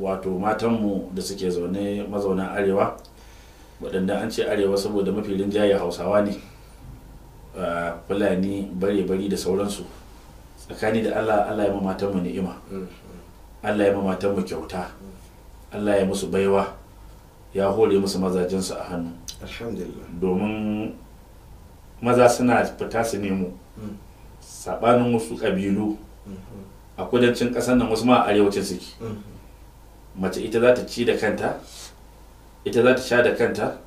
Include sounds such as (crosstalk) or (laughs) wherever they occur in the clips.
wato matanmu da suke zaune mazauna arewa waɗanda an ce arewa saboda mafi rinjaye hausawa ne fulani bare-bari da sauransu tsakani da allah allah ya ma matanmu ni'ima allah ya ma matanmu kyauta allah ya musu baiwa ya hore musu mazajensu a hannu domin maza suna fita su nemo saɓanin wasu ƙabilu a kudancin ƙasar nan wasu ma a arewacin suke mm-hmm. mace ita za ta ci da kanta ita za ta sha da kanta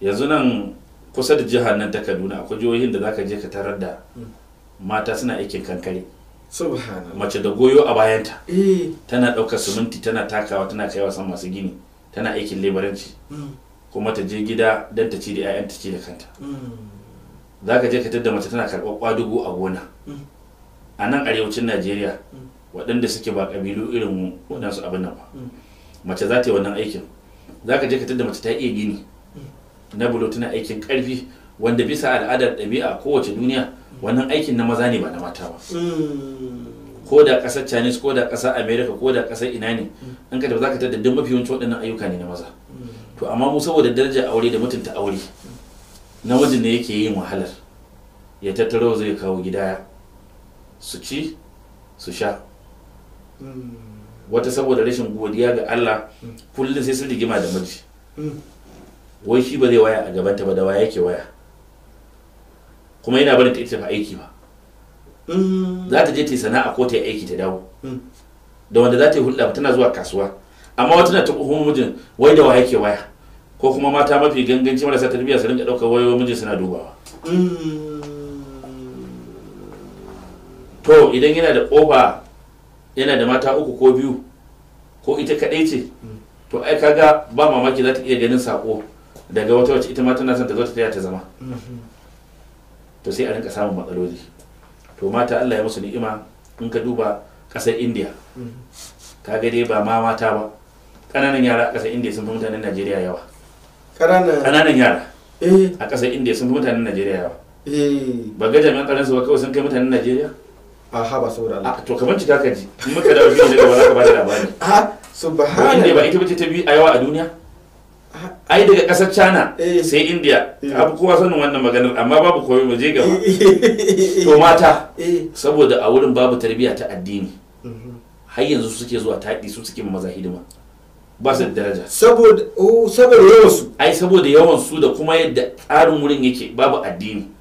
yanzu nan kusa da jihar nan ta kaduna akwai jihohin da zaka je ka tarar da hmm. mata suna aikin kankare mace da goyo a bayanta eh. tana ɗaukar suminti tana takawa tana kaiwa san masu gini tana aikin lebaranci hmm. kuma ta je gida don ta ci da 'ya'yan ta ci da kanta hmm. za ka je ka tada mace tana karɓar kwadugo a gona a nan arewacin najeriya waɗanda suke ba ƙabilu irin waɗansu abin nan ba mm. mace za ta yi wannan aikin za ka je ka tadda mace ta iya gini mm. na bulo tana aikin ƙarfi wanda bisa al'adar ɗabi'a kowace duniya mm. wannan aikin na maza ne ba na mata ba ko da ƙasar chinese ko da ƙasar america ko da ƙasar ina ne in ka za ka tadda duk mafi yawanci waɗannan ayyuka ne na maza to amma mu saboda daraja aure da mutunta aure na wajen ne yake yin wahalar ya tattaro zai kawo gida su ci su sha wata saboda rashin godiya ga Allah kullum sai sun rigima da miji wai shi ba zai waya a gabanta ba da waya yake waya kuma yana barin ta ita ba aiki ba za ta je ta yi sana'a ko ta yi aiki ta dawo da wanda za ta yi hulɗa tana zuwa kasuwa amma wata na ta kuhu mijin wai da waya yake waya ko kuma mata mafi ganganci marasa tarbiyya su rinka ɗaukar wayoyin mijin suna dubawa to idan yana da ƙofa yana da mata uku ko biyu ko ita kaɗai ce to ai kaga ba mamaki za ta iya ganin sako daga wata wacce ita ma tana son ta zo ta taya ta zama to sai a rinka samun matsaloli to mata Allah ya musu ni'ima in ka duba ƙasar India kaga dai ba ma mata ba ƙananan yara a ƙasar India sun fi mutanen Najeriya yawa ƙananan yara eh. a ƙasar India sun fi mutanen Najeriya yawa eh. ba ga jami'an tsaron ba kawai sun kai mutanen Najeriya a ha ba saboda Allah to kamar ci ka ji in muka dawo gidan daga wala ka ba da labari subhanallah ne ba ita bace ta bi a yawa a duniya ai daga kasar China eh. sai India eh. abu kowa sanin wannan maganar amma babu koyo ba je gaba (laughs) eh. to mata saboda a wurin babu tarbiyya ta addini mhm. har yanzu suke zuwa taɗi su suke maza hidima ba su da daraja saboda oh, saboda yawan su ai saboda yawan su da kuma yadda tsarin wurin yake babu addini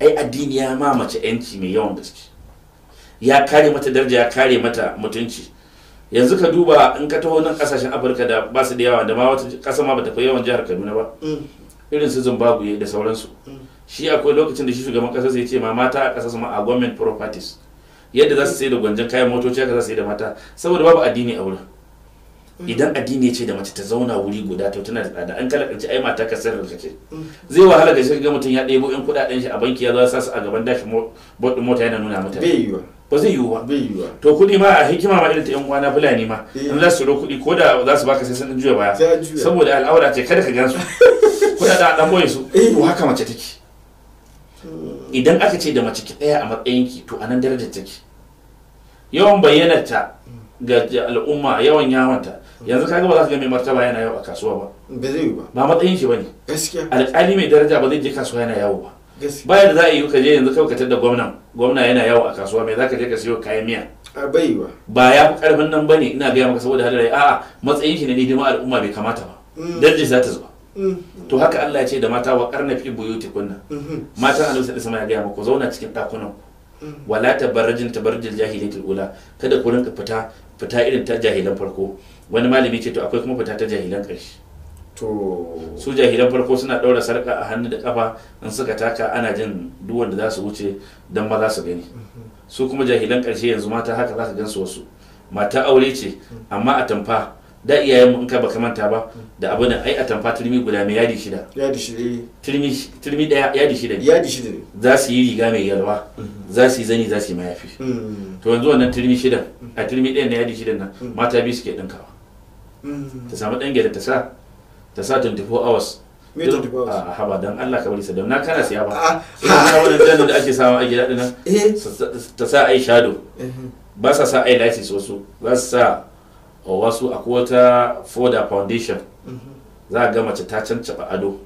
ai addini ya mamace yanci mai yawan gaske ya kare mata daraja ya kare mata mutunci yanzu ka duba in ka taho nan kasashen afirka da ba su da yawa da ma wata kasa ma bata fi yawan jihar kaduna ba mm. irin su zimbabwe da sauransu mm. shi akwai lokacin da shi shugaban kasa sai ce ma mata a kasa ma a government properties yadda za su sai da gwanjan kayan motoci haka za su sai da mata saboda babu addini a wurin mm. idan addini ce da mace ta zauna wuri guda to tana da tsada an kalakance ai mata ka sarrafa kace zai wahala ga shi ga mutum ya ɗebo in kuɗaɗen shi a banki ya zo sa su a gaban dashi mota yana nuna mata. bai yiwa ba zai yiwu ba yiwu to kuɗi ma a hikima ma irin ta yan na fulani ma eh. in za su kuɗi ko da za su baka sai sun juya baya saboda al'aura ce kada ka gansu (laughs) ko a ɗan boye su eh, to haka mace take hmm. idan aka ce da mace ki ɗaya a matsayinki to a nan darajar take yawan bayyanarta ga al'umma yawan yawanta yanzu kaga ba za ka ga mai martaba yana yawo a kasuwa ba ba zai yiwu ba ba matsayin shi bane gaskiya alƙali mai daraja ba zai je kasuwa yana yawo ba baya da za a yi ka je yanzu kai ka da gwamna gwamna yana yawo a kasuwa mai zaka je ka siyo kayan miya a baiwa ba ya fi karfin nan bane ina gaya maka saboda a a'a matsayin shi ne dima al'umma bai kamata ba mm. darji za ta zuwa mm. to haka Allah ya ce da mata wa karna fi buyuti kunna mm-hmm. matan lokacin da sama ya gaya maka zauna cikin dakunan mm. wala tabarrajin tabarrujil jahiliyatul ula kada ku rinka fita fita irin ta jahilan farko wani malami ce to akwai kuma fita ta jahilan karshe su jahilan farko suna ɗaura sarka a hannu da kafa in suka taka ana jin duk wanda za su wuce don ba za su gani mhm. su kuma jahilan ƙarshe yanzu mata haka za ka gan wasu mata aure ce mhm. amma a tamfa da iyayenmu in ka baka manta ba mhm. da abu nan ai a tamfa turmi guda mai yadi shida yadi shida eh. turmi daya yadi shida ne yadi shida ne za su yi riga mai yalwa za su yi zani za su yi mayafi to yanzu wannan turmi shida a turmi ɗayan na yadi shida nan mata biyu suke ɗinkawa ta samu ɗan gyara ta sa ta sa 24 hours 24 a ah, haba don Allah ka bari sa na kana siya ba ah, a na ah. wani da ake samun a gida dinnan eh. ta sa ai shadow mm-hmm. ba sa sa ai lights wasu za su sa oh, wasu a wata foda foundation mm-hmm. za a ga mace ta cancaba ado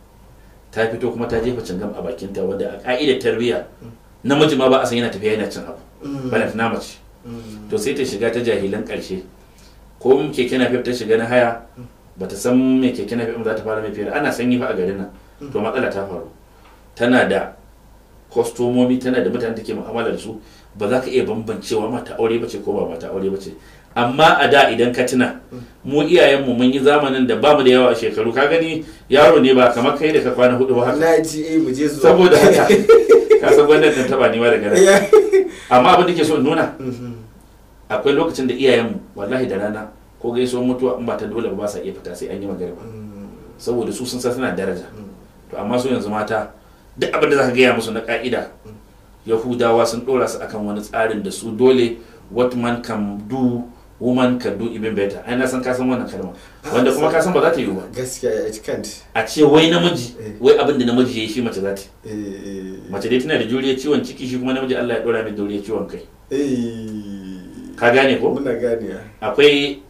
ta fito kuma ta jefa cingam a bakinta wanda a ka'idar tarbiyya mm. namiji ma ba a san yana tafiya yana cin abu mm. bana ta namace mm. to sai ta shiga ta jahilan karshe ko keke na ta shiga na haya bata san me keke na za ta fara mai fere ana sanyi fa a garin nan to matsala ta faru tana da kwastomomi tana da mutane take mu'amala da su ba za ka iya bambancewa mata aure bace ko ba mata aure bace amma a da idan ka tuna mu iyayenmu mun yi zamanin da bamu da yawa a shekaru ka gani yaro ne ba kamar kai da ka kwana hudu ba haka na ji eh mu je zuwa saboda haka (laughs) ka san wannan dan taba ni ma daga nan amma abin da ke so nuna mm-hmm. akwai lokacin da iyayen mu wallahi da rana ko gaisuwar mutuwa in ba ta dole ba sa iya fita sai an yi ba saboda su sun san suna daraja to amma su yanzu mata duk abin da zaka ka gaya musu na ka'ida yahudawa sun dora su akan wani tsarin da su dole what man can do woman can do even better ai na san ka san wannan kalma wanda kuma ka san ba za ta yi ba gaskiya it can't a ce wai namiji eh. wai abin da namiji yayi shi mace za ta eh, eh. mace dai tana da juriya ciwon ciki shi kuma namiji Allah ya dora mai juriya ciwon kai ka gane ko muna gane akwai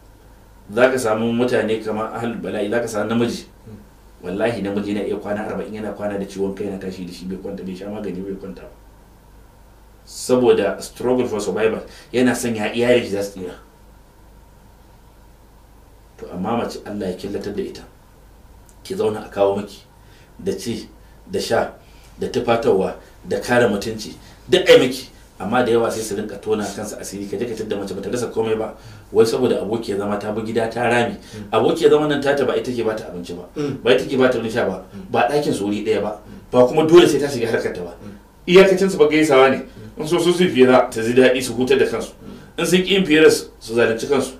za ka samu mutane kamar ahal bala'i za ka samu namiji wallahi namiji na iya kwana arba'in yana kwana da ciwon kai na tashi da shi bai kwanta bai sha magani bai kwanta ba saboda struggle for survival yana sanya iyayen shi za su tsira to amma mace Allah ya killatar da ita ki zauna a kawo maki da ci da sha da tufatarwa da kare mutunci duk ai miki amma da yawa sai su rinka tona kansu asiri ka je ka tadda mace bata rasa komai ba wai saboda aboki zama ta bi gida ta rami mm. aboki zama nan tata ba ita ke bata abinci ba mm. ba ita ke bata sha ba mm. ba ɗakin su wuri ɗaya ba ba kuma dole sai ta shiga harkar ba iyakacin su ba gaisawa ne in so su fiye ta ji daɗi su hutar da kansu in sun ƙi yin fiye su zalunci kansu